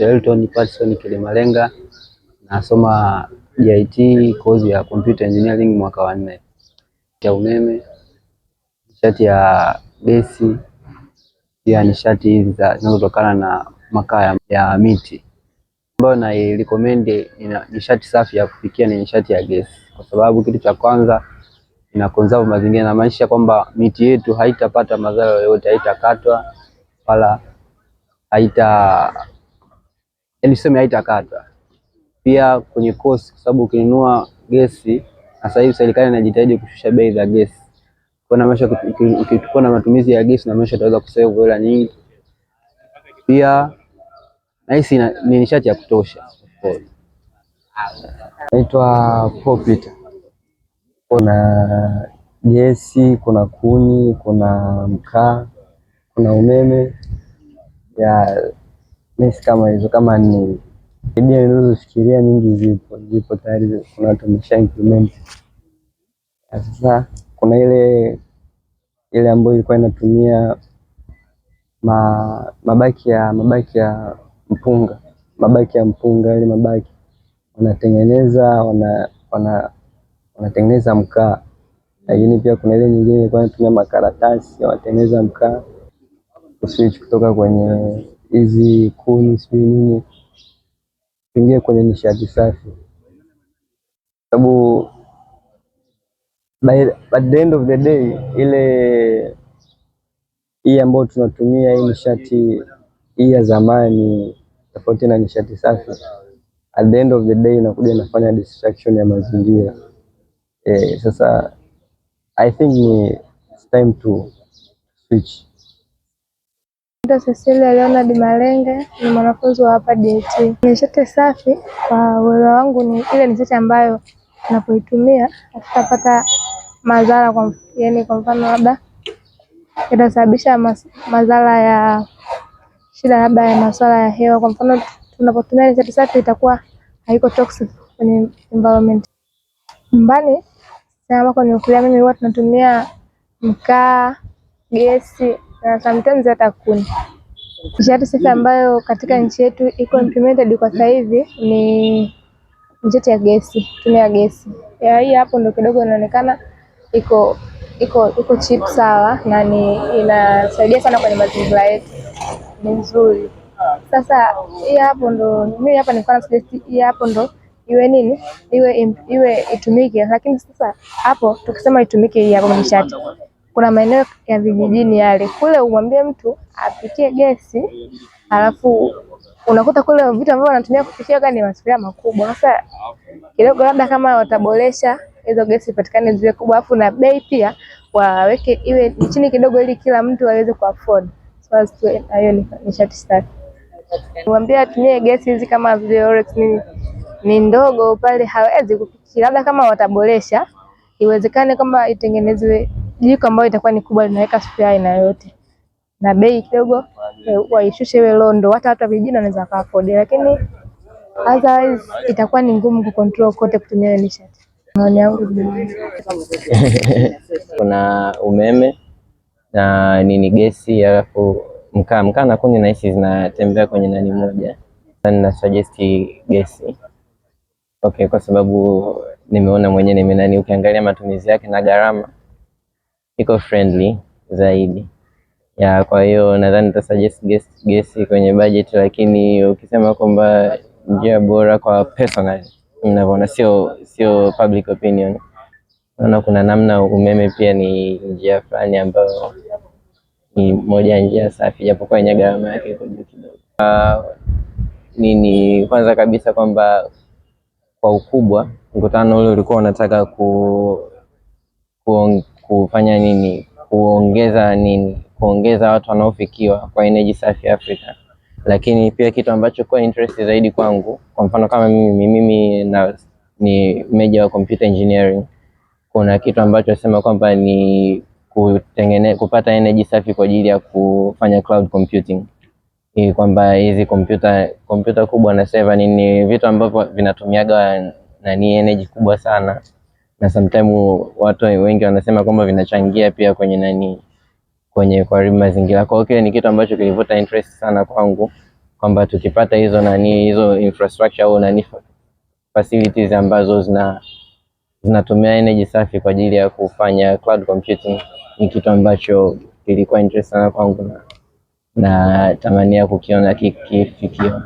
Elton Patson Kilimalenga nasoma JIT kozi ya computer engineering mwaka wa nne, ya umeme, nishati ya gesi, pia nishati hizi zinazotokana na makaa ya miti, ambayo nairecommend nishati safi ya kupikia ni nishati ya gesi, kwa sababu kitu cha kwanza ina conserve mazingira, na kwamba miti yetu haitapata madhara yoyote, haitakatwa wala haita yani sema haitakata. Pia kwenye cost, kwa sababu ukinunua gesi, sasa hivi serikali inajitahidi kushusha bei za gesi, kwa maana ukikuwa na matumizi ya gesi na maisha utaweza kusave hela nyingi. Pia nahisi ni nishati ya kutosha. Naitwa Popita. Kuna gesi, kuna kuni, kuna mkaa, kuna umeme ya mesi kama hizo kama nne idea ninazofikiria nyingi zipo zipo tayari, kuna watu wamesha implement. Sasa kuna ile ile ambayo ilikuwa inatumia ma, mabaki ya mabaki ya mpunga mabaki ya mpunga ile mabaki wanatengeneza wana, wana, wanatengeneza mkaa, lakini pia kuna ile nyingine ilikuwa inatumia makaratasi wanatengeneza mkaa kuswitch kutoka kwenye hizi kuni sijui nini, tuingie kwenye nishati safi, sababu by the end of the day ile hii ambayo tunatumia hii nishati hii ya zamani tofauti na nishati safi, at the end of the day inakuja inafanya destruction ya mazingira. Eh, sasa I think ni it's time to switch. Dr Cecilia Leonard Malenge ni mwanafunzi wa hapa "DET". Nishati safi kwa uelewa wangu ni ile nishati ambayo tunapoitumia hatutapata madhara kwa yani kwa mfano labda itasababisha madhara ya shida labda ya masuala ya hewa kwa mfano tunapotumia nishati safi itakuwa haiko toxic kwenye environment. Nyumbani ambako nimekulia mimi huwa tunatumia mkaa, gesi na sometimes hata kuni. Nishati safi ambayo katika nchi yetu iko implemented kwa sasa hivi ni nishati ya gesi, tumia gesi. Ya hii hapo ndo kidogo inaonekana iko iko iko cheap sawa, na ni inasaidia sana kwenye mazingira yetu, ni nzuri. Sasa hii hapo ndo mimi hapa nilikuwa na suggest hii hapo ndo iwe nini, iwe iwe itumike, lakini sasa hapo tukisema itumike hii hapo nishati kuna maeneo ya vijijini yale, kule umwambie mtu apikie gesi, alafu unakuta kule vitu ambavyo wanatumia kupikia gani masufuria makubwa. Sasa kidogo, labda kama wataboresha hizo gesi patikane ziwe kubwa, alafu na bei pia waweke iwe chini kidogo, ili kila mtu aweze kuafford. Hiyo ni safi. Mwambie atumie gesi hizi kama vile Orex nini, ni ndogo pale, hawezi kupikia. Labda kama wataboresha, iwezekane kwamba itengenezwe jiko ambayo itakuwa ni kubwa linaweka sufuria aina yoyote, na bei kidogo eh, waishushe iwe londo, hata watu wa wanaweza kaafodi, lakini otherwise itakuwa ni ngumu control kote kutumia ile nishati. Maoni yangu kuna umeme na nini gesi, alafu mkaa mkaa na kuni na nahisi zinatembea kwenye nani moja, na suggest gesi okay, kwa sababu nimeona mwenyewe nimenani, ukiangalia matumizi yake na gharama iko friendly zaidi ya, kwa hiyo nadhani suggest guest guest kwenye budget, lakini ukisema kwamba njia bora kwa personal ninavyoona, sio sio public opinion, naona kuna namna umeme pia ni njia fulani ambayo ni moja ya njia safi, japokuwa yenye gharama yake iko juu kidogo. Ah, nini kwanza kabisa kwamba kwa ukubwa mkutano ule ulikuwa unataka ku, ku kufanya nini, kuongeza nini, kuongeza watu wanaofikiwa kwa energy safi Afrika, Lakini pia kitu ambacho kwa interest zaidi kwangu, kwa mfano kama mimi mimi na ni major wa computer engineering, kuna kitu ambacho sema kwamba ni kutengene, kupata energy safi kwa ajili ya kufanya cloud computing hii kwamba hizi kompyuta kompyuta kubwa na server nini, vitu ambavyo vinatumiaga ni energy kubwa sana na sometimes watu wengi wanasema kwamba vinachangia pia kwenye nani, kwenye kuharibu mazingira. Kwa hiyo kile ni kitu ambacho kilivuta interest sana kwangu kwamba tukipata hizo nani, hizo infrastructure au nani facilities ambazo zina zinatumia energy safi kwa ajili ya kufanya cloud computing ni kitu ambacho kilikuwa interest sana kwangu na tamania kukiona kikifikia.